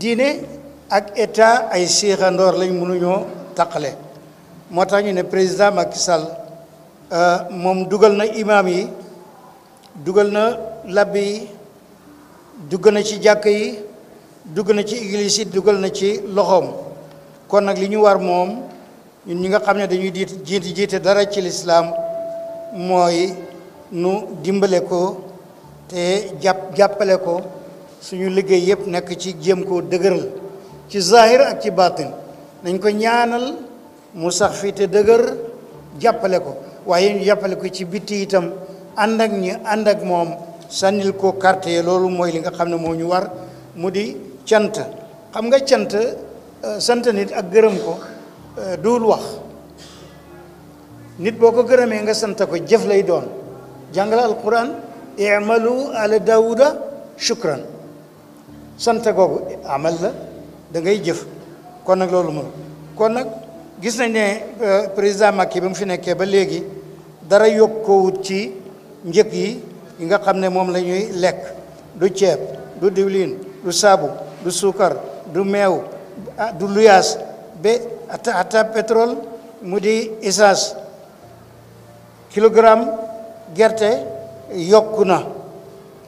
diine ak état ay séexandoor lañ mënuñoo taqale moo tax ñu ne président Macky Sall euh, moom dugal na imaam yi dugal na labb yi dugg na ci jàkk yi dugg na ci église yi dugal na ci loxoom kon nag li ñu war moom ñun ñi nga xam ne dañuy di jiiti jiite dara ci lislaam mooy nu dimbale ko te jàpp jàppale ko suñu liggéey yëpp nekk ci jéem koo dëgëral ci zahir ak ci baatin nañ ko ñaanal mu sax fii dëgër jàppale ko waaye ñu jàppale ko ci biti itam ànd ñi ànd moom sànnil ko carte loolu mooy li nga xam ne moo ñu war mu di cant xam nga cant euh, sant nit ak gërëm ko euh, duul wax nit boo ko gërëmee nga sant ko jëf lay doon jàngale alquran imalu ala daawuda shukran sant googu amal la da ngay jëf kon nag loolu mënu kon nag gis nañ ne euh, président Macky ba mu fi nekkee ba léegi dara yokkoowut ci njëg yi yi nga xam ne moom la ñuy lekk du ceeb du diwlin du saabu du suukar du meew ah, du luyaas ba ata ata pétrole mu di essence kilogramme gerte yokku na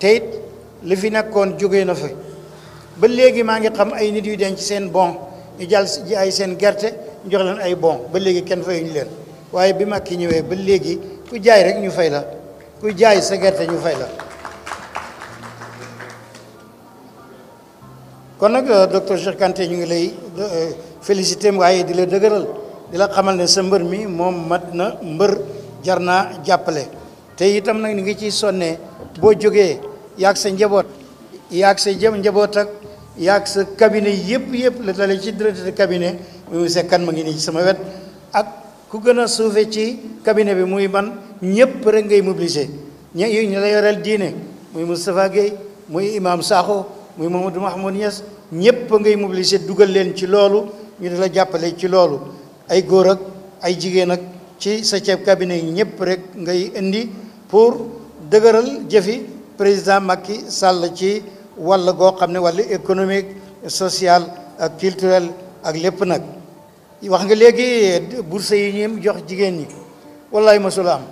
te it li fi nekkoon jóge na fi ba léegi maa ngi xam ay nit yu denc seen bon ñu jàll ji ay seen gerte ñu jox leen ay bon ba léegi kenn fayuñu leen waaye bi mag ki ñëwee ba léegi ku jaay rek ñu fay la ku jaay sa gerte ñu fay la kon nag euh, docteur Cheikh Kanté ñu ngi lay euh, félicité waaye di la dëgëral di la xamal ne sa mbër mi moom mat na mbër jar naa jàppale te itam nag ni ngi ciy sonnee boo jógee yaag sa njaboot yaag sa jëm njaboot ak yaag sa cabinet yëpp yëpp la dalee ci directeur de cabinet muy monsieur Kane ma ngi nii ci sama wet ak ku gën a suufe ci cabinet bi muy man ñëpp rek ngay mobiliser ña ñu la yoreel diine muy Moustapha Guèye muy Imam Sakho muy Mamadou Mahmoud Niass ñëpp ngay mobiliser dugal leen ci loolu ñu di la jàppale ci loolu ay góor ak ay jigéen ak ci sa ceeb cabinet yi ñëpp ngay indi pour dëgëral jëfi président Macky Sall ci wala goo xam ne wala économique social ak culturel ak lépp nag wax nga léegi bourse yi ñim jox jigéen ñi wallaay masula am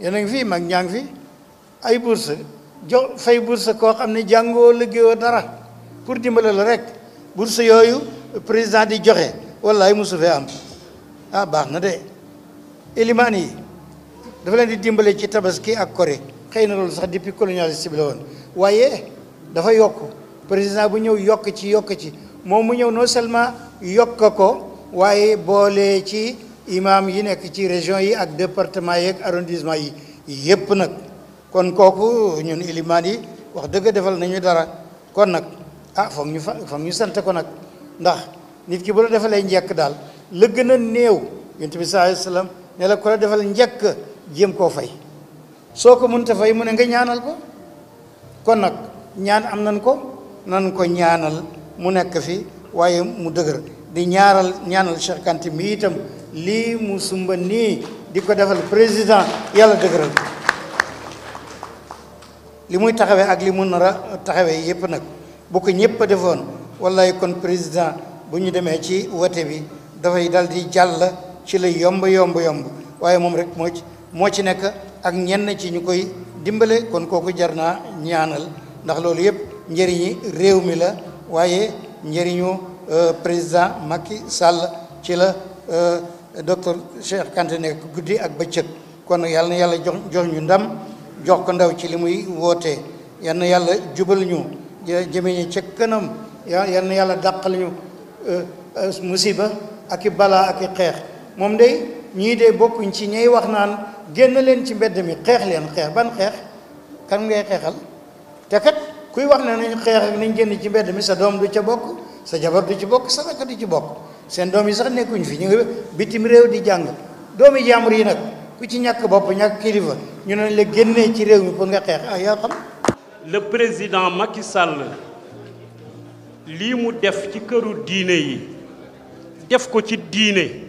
yéen a ngi fi mag ñaa ngi fi ay bourse jox fay bourse koo xam ne jàngoo liggéeyoo dara pour dimbale la rek bourse yooyu président di joxe wallaay mosu fee am ah baax na de élimaan yi dafa leen di dimbale ci tabaski ak koré xëy na loolu sax depuis colonialiste bi woon waaye dafa yokk président bu ñëw yokk ci yokk ci moom mu ñëw noo seulement yokk ko waaye boole ci imam yi nekk ci région yi ak département yi ak arrondissement yi yëpp nag kon kooku ñun ilimaan yi wax dëgg defal nañu dara kon nag ah foog ñu fa foog ñu sant ko nag ndax nit ki bu la njekk njëkk daal la gën a néew yonent bi sallallahu alayhi wasallam ne la ko defal njëkk jéem koo fay soo ko mënta fay mu ne nga ñaanal ko kon nag ñaan am nan ko nan ko ñaanal mu nekk fi waaye mu dëgër di ñaaral ñaanal Cheikh Kanté mi itam lii mu sumba nii di ko defal président yàlla dëgëral li muy taxawee ak li mu nar a taxawee yëpp nag bu ko ñëpp a defoon wallaay kon président bu ñu demee ci wote bi dafay dal di jàll ci la yomb yomb yomb waaye moom rek moo ci moo ci nekk ak ñenn ci ñu koy dimbale kon kooku jar naa ñaanal ndax loolu yëpp njëriñi réew mi la waaye njëriñu euh, président Macky Sall ci la euh, docteur Cheikh Kanté nekk guddi ak bëccëg kon yàlla na yàlla jox jox ñu ndam jox ndaw ci li muy wootee yal na yàlla jubal ñu jëme ñu ca kanam yal na yàlla dàqal ñu euh, musiba ak i balaa ak i xeex moom de ñii de bokkuñ ci ñey wax naan génn leen ci mbedd mi xeex leen xeex ban xeex kan ngay xeexal te kat kuy wax ne nañ xeex ak nañ génn ci mbedd mi sa doom du ca bokk sa jabar du ci bokk sa rakk du ci bokk seen doom yi sax nekkuñ fi ñu ngi bitim réew di jàng doomi jàmbur yi nag ku ci ñàkk bopp ñàkk kilifa ñu ne la génnee ci réew mi pour nga xeex ak ah yaa xam. le président Macky Sall lii mu def ci këru diine yi def ko ci diine.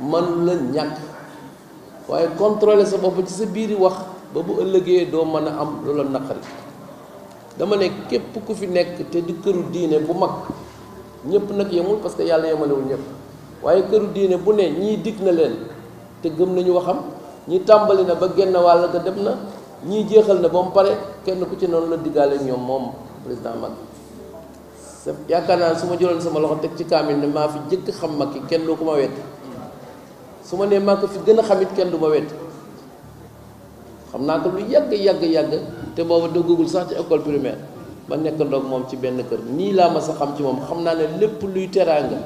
man la ñàkk waaye contrôler sa bopp ci sa biir yi wax ba bu ëllëgee doo mën a am loola naqari dama ne képp ku fi nekk te di këru diine bu mag ñëpp nag yemul parce que yàlla yemalewul ñëpp waaye këru diine bu ne ñii dig na leen te gëm nañu waxam ñi tàmbali na ba genn wàll ga dem na ñii jeexal na ba mu pare kenn ku ci noonu la diggaale ñoom moom président Macky yaakaar naa su ma jëloon sama loxo teg ci kaamil ne maa fi jëkk xam Macky kenn doo ko ma suma ne nee fi gëna xamit kenn duma ma xamna ko lu yàgg yàgg yàgg te bobu do gugul sax ci école primaire ba nek ndok mom ci benn kër ni la ma sa xam ci mom xamna ne lépp luy teranga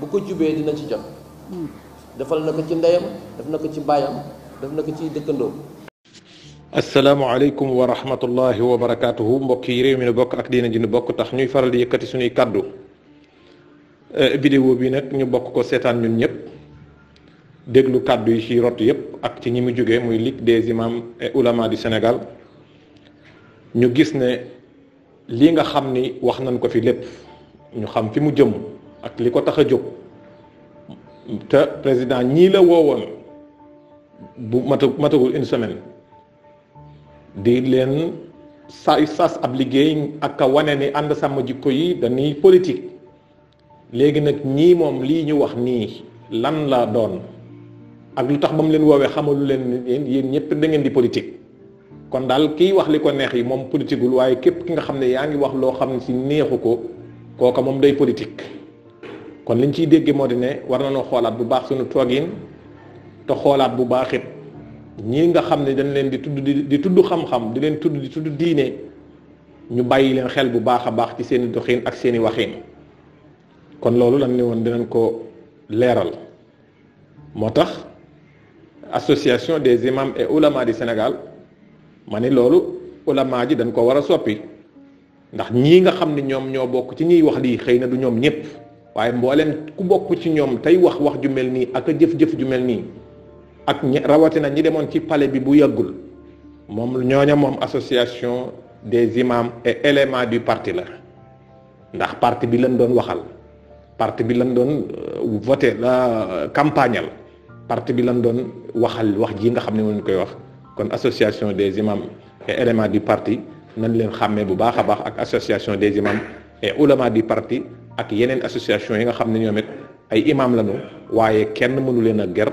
bu ko jubé dina ci jot defal nako ci ndeyam def nako ci bayam def nako ci dekkando السلام عليكم ورحمة الله وبركاته mbokk yi réew mi nu bokk ak diina ji nu bokk tax ñuy faral di yëkkati suñuy kàddu vidéo déglu kàddu yi ci rot yépp ak ci ñi mu jógee muy ligue des imams et ulama du Sénégal ñu gis ne lii nga xam ni wax nañ ko fi lépp ñu xam fi mu jëm ak li ko tax a jóg te président ñii la woowoon bu mata matagul une semaine di leen sa sas ab liggéey ak a wane ni ànd sàmm jikko yi dañuy politique léegi nag ñii moom lii ñu wax nii lan la doon ak lu tax ba mu leen woowee xamalu leen yéen yéen ñëpp da ngeen di politique kon daal kiy wax li ko neex yi moom politiqueul waaye képp ki nga xam ne yaa ngi wax loo xam ne si neexu ko kooka moom day politique kon liñ ciy déggee moo di ne war nañoo xoolaat bu baax suñu toogin te xoolaat bu baax it ñii nga xam ne dañ leen di tudd di di tudd xam-xam di leen tudd di tudd diine ñu bàyyi leen xel bu baax a baax ci seen i doxin ak seen i waxin kon loolu lan ne woon dinañ ko leeral association des imams et Oulama du Sénégal mané lolu ji dañ ko wara soppi ndax ñi nga ne ño bok ci ñi wax li xeyna du ñom waye mbolen ku bok ci ñom tay wax wax ju melni ak jëf-jëf ju ak palais bi bu association des imams et éléments du parti la ndax parti bi lañ doon waxal parti bi lañ doon euh, la euh, campagne parti bi lan doon waxal wax ji nga xam ne moom koy wax kon association des imams et éléments du parti nañ leen xàmmee bu baax a baax ak association des imams et oulémas du parti ak yeneen association yi nga xam ne ñoom it ay imam lañu waaye kenn mënu leen a ger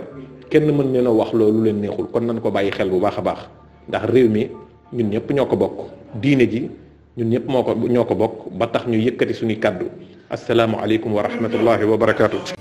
kenn mën leen a wax loolu leen neexul kon nañ ko bàyyi xel bu baax a baax ndax réew mi ñun ñëpp ñoo ko bokk diine ji ñun ñëpp moo ko ñoo ko bokk ba tax ñu yëkkati suñuy kàddu asalaamualeykum wa rahmatullahi wa barakaatu.